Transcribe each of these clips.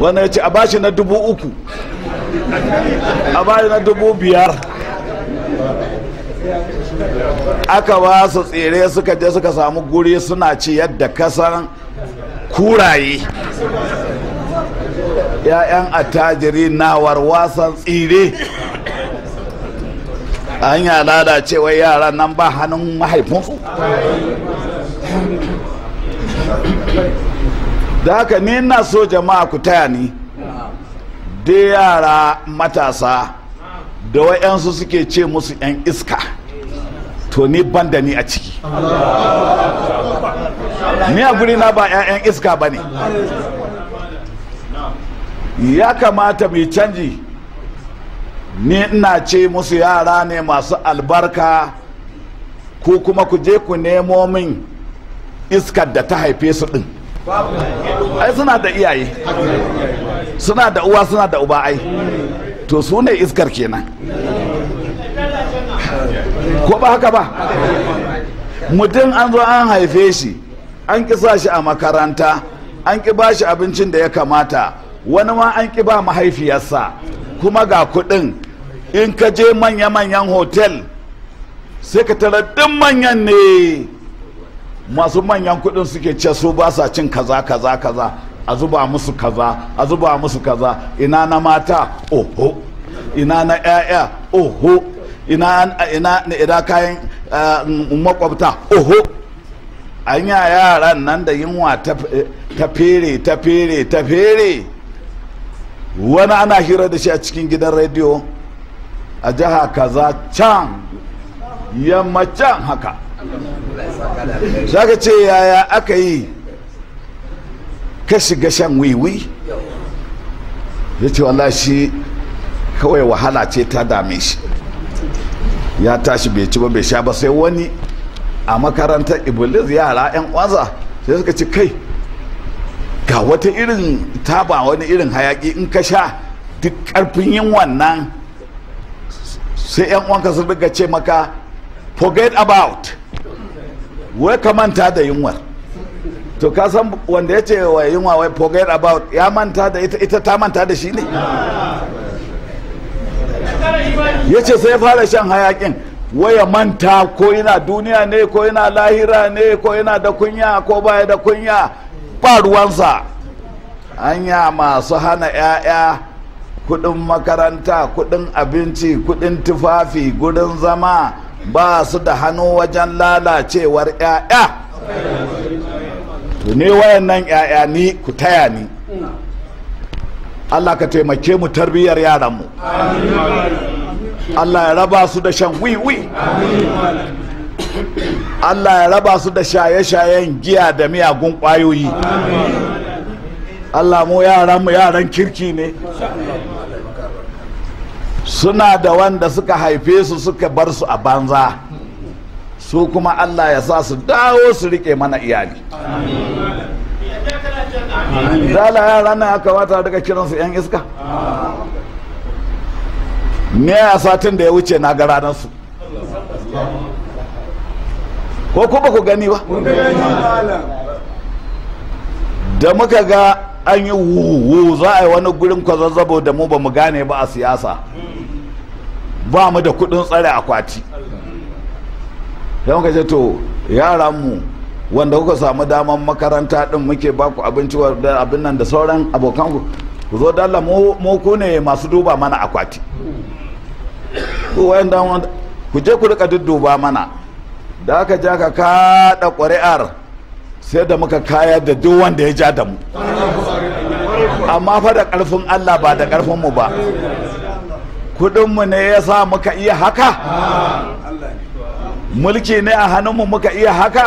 wannan ya ce a bashi na dubu uku a bashi na dubu biyar aka ba su tsere suka je suka samu guri suna ci yadda kasan kuraye ‘ya'yan attajiri na warwasan tsire hanya cewa yara nan ba hannun mahaifinsu da haka ni na so jama'a ku taya ni da yara matasa da wa'yansu suke ce musu 'yan iska to ni ban da ni a ciki ni a guri na ba 'yan iska ba ne ya kamata mai canji ni ina ce musu yara ne masu albarka ko kuma ku je ku nemo min iskar da ta haife su ɗin ai suna da iyaye suna da uwa suna da uba ai to su ne iskar kenan ko ba haka ba mutum an zo an haife shi an kisa shi a makaranta an ƙi ba shi abincin da ya kamata wani ma an ƙi ba mahaifiyarsa kuma ga kuɗin in ka je manya-manyan hotel sai ka tara manyan ne masu manyan kuɗin suke ce su ba sa cin kaza kaza kaza a zuba musu kaza a zuba musu kaza ina na mata oho ina na 'ya'ya oho ina ina ina kayan eh, makwabta oho an yi yaran nan da yunwa ta fere ta fere ta fere wani ana hira da shi a cikin gidan rediyo a jiha kaza can yamma can haka za ka ce yaya aka yi ka shiga shan wiwi ya ce shi kawai wahala ce ta dame shi ya tashi bai ci ba bai sha ba sai wani a makarantar iblis yara 'yan kwaza sai suka ci kai ga wata irin taba wani irin hayaki in ka sha duk karfin yin wannan sai 'yan su sun ce maka forget about wai ka manta da yunwar to ka san wanda ya ce wa yunwa wai forget about ya manta da ita ita ta manta da shi ne ya ce sai fara shan hayakin ya manta ko ina duniya ne ko ina lahira ne ko ina da kunya ko baya da kunya ba ruwansa hanya masu hana 'ya'ya kudin makaranta kudin abinci kudin tufafi gudun zama ba su da hannu wajen lalacewar 'ya'ya ne wayannan 'ya'ya ni ku taya ni Allah ka taimake mu tarbiyyar mu. Allah ya raba su da shan wiwi Allah ya raba su da shaye-shayen giya da miyagun kwayoyi Allah mu yaranmu yaran kirki ne suna da wanda suka haife su suka bar su a banza su kuma Allah ya sa su dawo su rike mana iyali zala yara na aka wata daga kiransu 'yan iska ne a satin da ya wuce na ga su ko kuma ku gani ba da muka ga an yi wuwu za a yi wani gurin kwazazzabo da mu ba mu gane ba a siyasa ba mu da kudin tsare akwati don ka ce to yaranmu wanda kuka samu daman makaranta din muke baku abinci da abin nan da sauran abokanku ku zo dalla mu ku ne masu duba mana akwati ku wayan ku je ku rika dudduba mana da aka ja ka kada ƙuri'ar sai da muka kaya da duk wanda ya ja da mu amma fa da ƙarfin Allah ba da ƙarfin mu ba kudinmu ne ya sa muka iya haka mulki ne a hannunmu muka iya haka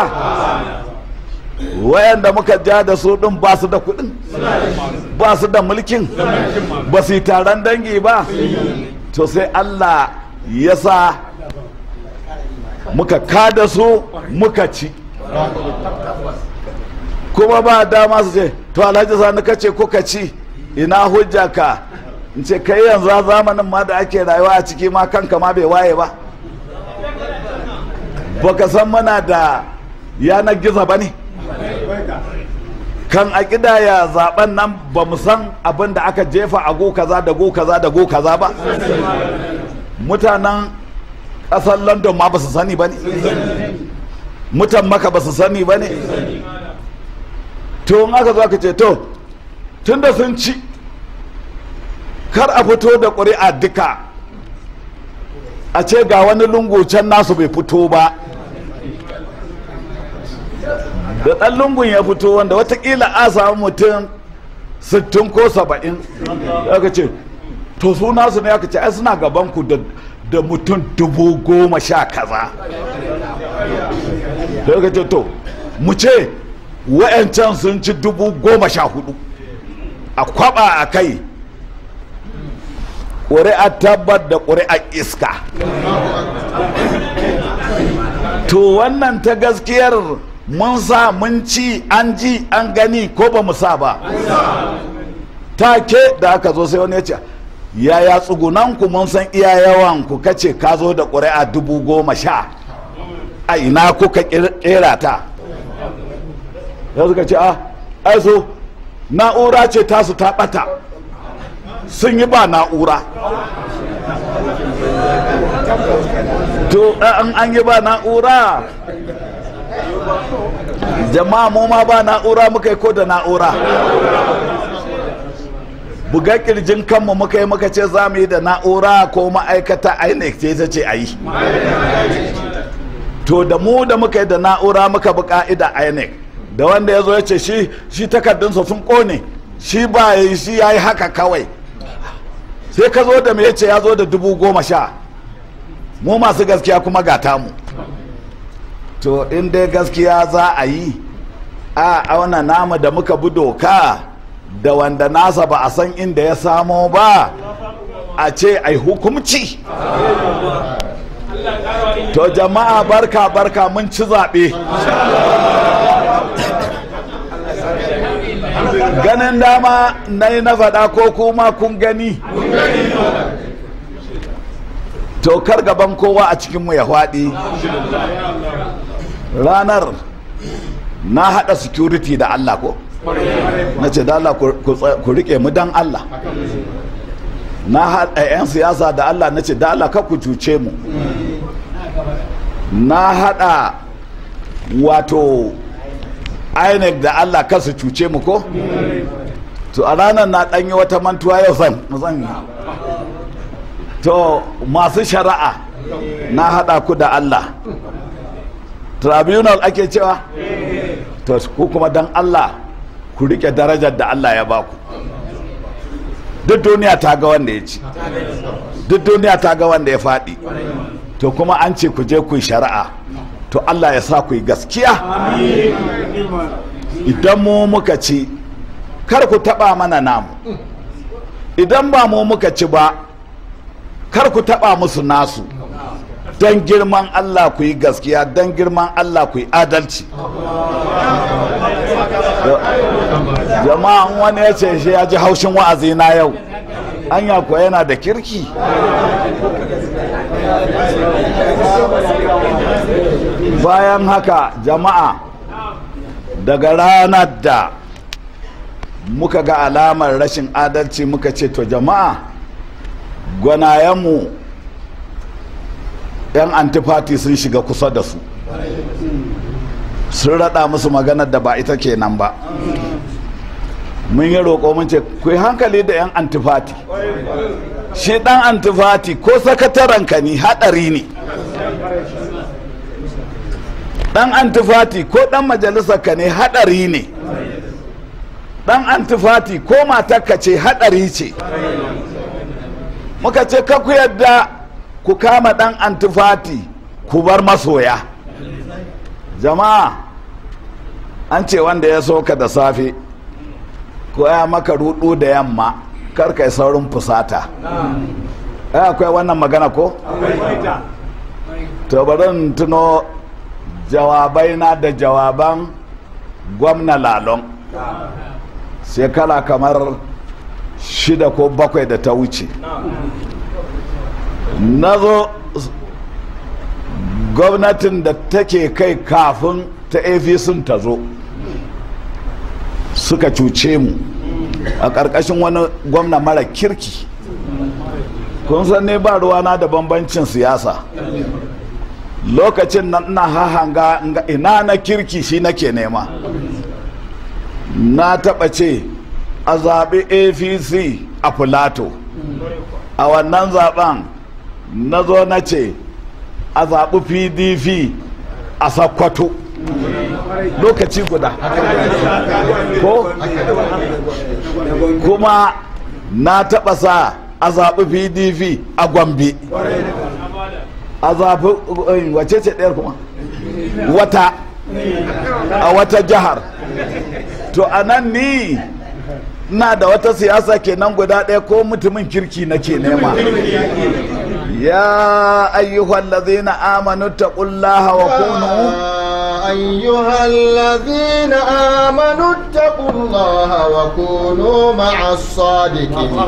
wayanda muka ja da su din ba su da kudin ba su da mulkin ba su yi taron dangi ba to sai allah ya sa muka kada su muka ci kuma ba dama su ce to alhaji sani kace ka ci ina hujja ka in ce kai yanzu a zamanin ma da ake rayuwa a ciki ma kanka ma bai waye ba baka san mana da yanar gizo ba ne kan a ya zaben nan ba mu san abin da aka jefa a go kaza da go kaza da go kaza ba mutanen ƙasar london ma ba su sani ba ne mutan maka ba su sani ba ne to in aka zo ka ce to da sun ci kar a fito da ƙuri'a duka a ce ga wani lungu can nasu bai fito ba da ɗan lungun ya fito wanda watakila a samu mutum sittin ko saba'in ya ce to su nasu ne ya ce ai suna gaban ku da mutum dubu goma sha kaza Ya kace ce to mu ce wa'ancan sun ci dubu goma sha hudu a kwaba a kai ƙuri'a tabbat da ƙuri'a iska to wannan ta gaskiyar mun sa mun ci an ji an gani ko ba mu sa ba Ta ke da aka zo sai wani ya ce yaya tsugunanku mun san iya yawan ku kace ka zo da ƙuri'a dubu goma sha a ina kuka ƙera ta ya suka ce a ah, aiso na'ura ce tasu ta ɓata sun yi ba na'ura to an an yi ba na'ura jama'a mu ma ba na'ura muka yi ko da na'ura buga kirjin kanmu muka yi muka ce za mu yi da na'ura ko ma'aikata inec ce ta ce a yi to da mu da muka yi da na'ura muka bi ka'ida inec da wanda ya zo ya ce shi takardun takardunsa sun kone shi ba shi ya yi haka kawai sai ka zo da mece ya zo da dubu goma sha mu masu gaskiya kuma ga tamu to in dai gaskiya za a yi a auna nama da muka bi doka da wanda nasa ba a san inda ya samo ba a ce yi hukumci to jama'a barka barka mun ci zaɓe ganin dama na yi na faɗa ko kuma kun gani tokar gaban kowa a cikinmu ya haɗi ranar na haɗa security da Allah ko na ce da Allah ku riƙe mu dan Allah na haɗa eh, 'yan siyasa da Allah na ce da Allah ku cuce mu na haɗa wato inec da allah kasu cuce mu ko to a ranar na ɗanyi wata mantuwa yau zan to masu shari'a na haɗa ku da allah tribunal ake cewa to ku kuma don allah ku rike darajar da allah ya baku duk duniya ta ga wanda ya ci duk duniya ta ga wanda ya faɗi to kuma an ce ku je ku shari'a to Allah ya sa ku yi gaskiya idan mu muka ci kar ku taba mana namu idan ba mu muka ci ba kar ku taba musu nasu don girman Allah ku yi gaskiya don girman Allah ku yi adalci jama'an wani ya ce shi ya ji haushin wa'azi na yau anya kuwa yana da kirki bayan haka jama'a daga ranar da muka ga alamar rashin adalci muka ce to jama'a gwanayenmu 'yan antifati sun shiga kusa da su sun rada musu maganar da ba ita kenan ba mun yi roƙo mun ce ku hankali da 'yan antifati shi dan antifati ko sakatarenka ni haɗari ne dan antifati ko dan majalisarka ne hadari ne dan antifati ko matarka ce hadari ce muka ce ku yadda ku kama dan antifati ku bar masoya jama'a an ce wanda ya soka da safe ko ya maka rudu da yamma karkai saurin fusata akwai wannan magana ko? to bari tuno jawabai na da jawaban gwamna lalon shekara kamar shida ko bakwai da ta wuce na zo gwamnatin da take kai kafin ta sun ta zo suka cuce mu a ƙarƙashin wani gwamna mara kirki kun san ne ba ruwana da bambancin siyasa lokacin nan na hahanga ina na kirki shi nake nema na taɓa ce a zaɓi apc a filato a wannan zaɓen na zo na ce a zaɓi pdp a sakwato lokaci guda ko kuma na taɓa sa a zaɓi pdp a gombe a zafi eh, wace ce ɗaya kuma wata a wata jihar to a nan ni na da wata siyasa kenan guda ɗaya ko mutumin kirki nake nema يا أيها الذين آمنوا اتقوا الله وكونوا أيها الذين آمنوا اتقوا الله وكونوا مع الصادقين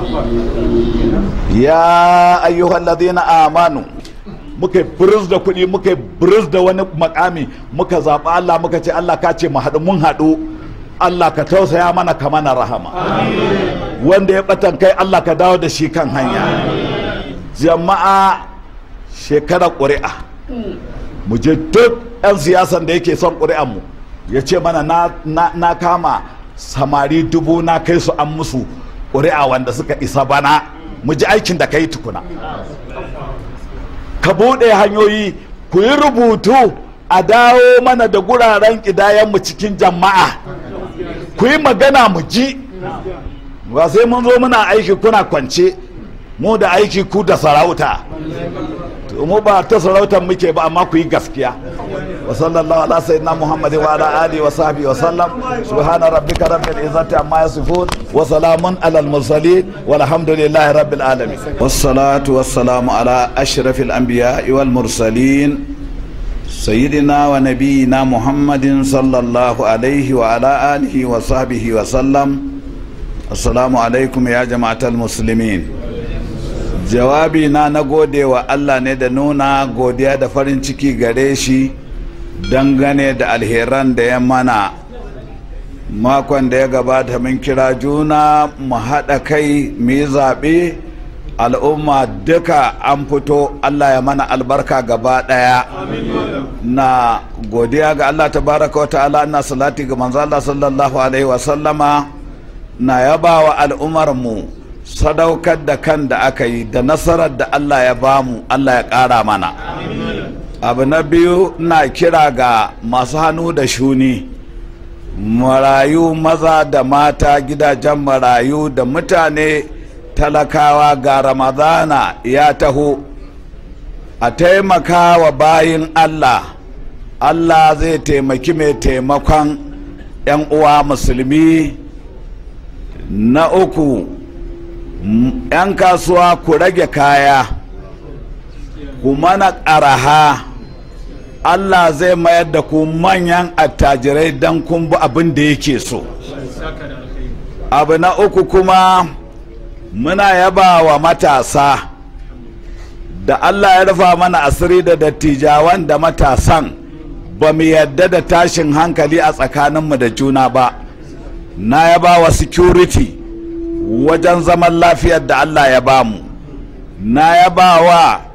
يا أيها الذين آمنوا muka yi da kuɗi muka yi da wani makami muka zaɓi Allah muka ce Allah ka ce mu haɗu mun haɗu Allah ka tausaya mana ka mana rahama wanda ya ɓatan kai Allah ka dawo da shi kan hanya jama'a shekara ƙuri'a mm. mu je duk 'yan siyasan da yake son ƙuri'an mu ya ce mana na, na kama samari dubu na kai su an musu ƙuri'a wanda suka isa bana mu ji aikin da ka yi tukuna ka buɗe hanyoyi ku yi rubutu a dawo mana da guraren mu cikin jama'a ku yi magana mu ji ba sai mun zo muna aiki kuna kwance mu da aiki ku da sarauta mu ba ta sarautar muke ba amma ku yi gaskiya وصلى الله على سيدنا محمد وعلى آله وصحبه وسلم سبحان ربك رب العزة عما يصفون وسلام على المرسلين والحمد لله رب العالمين والصلاة والسلام على أشرف الأنبياء والمرسلين سيدنا ونبينا محمد صلى الله عليه وعلى آله وصحبه وسلم السلام عليكم يا جماعة المسلمين jawabi na na gode wa Allah ne da nuna godiya da farin ciki gare shi dangane da alheran da ya mana makon da ya gabata mun kira juna mu haɗa kai mu yi zaɓe al'umma duka an fito allah ya mana albarka gaba ɗaya na godiya ga allah tabaraka wa ta'ala na salati ga manzo allah sallallahu alaihi wa sallama na yaba wa al'ummar mu sadaukar da kan da aka yi da nasarar da allah ya bamu allah ya ƙara mana abu na biyu na kira ga masu hannu da shuni marayu maza da mata gidajen marayu da mutane talakawa ga ramadana ya taho a taimaka wa bayin allah allah zai taimaki mai taimakon 'yan uwa musulmi na uku 'yan kasuwa ku rage kaya ku mana ƙaraha. Allah zai mayar da ku manyan attajirai don kun bi abin da yake so abu na uku kuma muna yaba wa matasa da Allah ya rufa mana asiri da dattijawan da matasan ba mu yadda da tashin hankali a tsakaninmu da juna ba na yaba wa security wajen zaman lafiyar da Allah ya bamu na yaba wa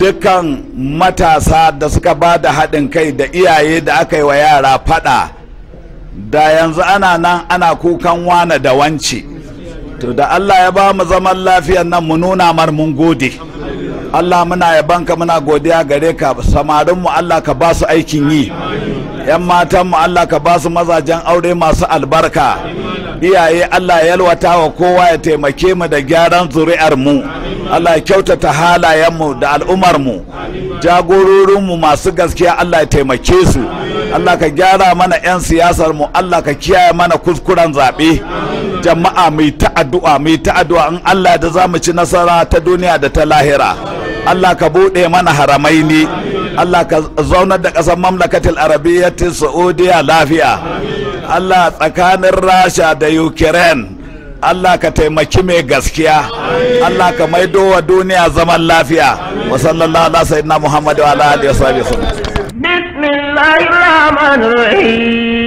dukkan matasa da suka ba da haɗin kai da iyaye da aka yi wa yara faɗa da yanzu ana nan ana kukan wane da wance to da Allah ya ba mu zaman lafiyan nan mu nuna mar mun gode Allah muna yabanka muna godiya gare ka samarinmu Allah ka ba su aikin yi 'yan matanmu Allah ka ba su mazajen aure masu albarka iyaye Allah yalwata wa kowa ya taimake mu da gyaran zuri'ar mu Allah ya kyautata halayen mu da al'umar mu jagororin masu gaskiya Allah ya taimake su Allah ka gyara mana 'yan siyasar mu Allah ka kiyaye mana kuskuren zaɓe jama'a mai ta addu'a mai ta in Allah da za mu ci nasara ta duniya da ta lahira Allah ka buɗe mana haramai ne Allah ka zaunar da ƙasar mamlakatul arabiyyatin Saudiya lafiya Allah tsakanin Rasha da Ukraine Allah ka taimaki mai gaskiya Allah ka maido wa duniya zaman lafiya wa sallallahu ala sayyidina Muhammad wa ala alihi wa sahbihi bismillahir rahmanir rahim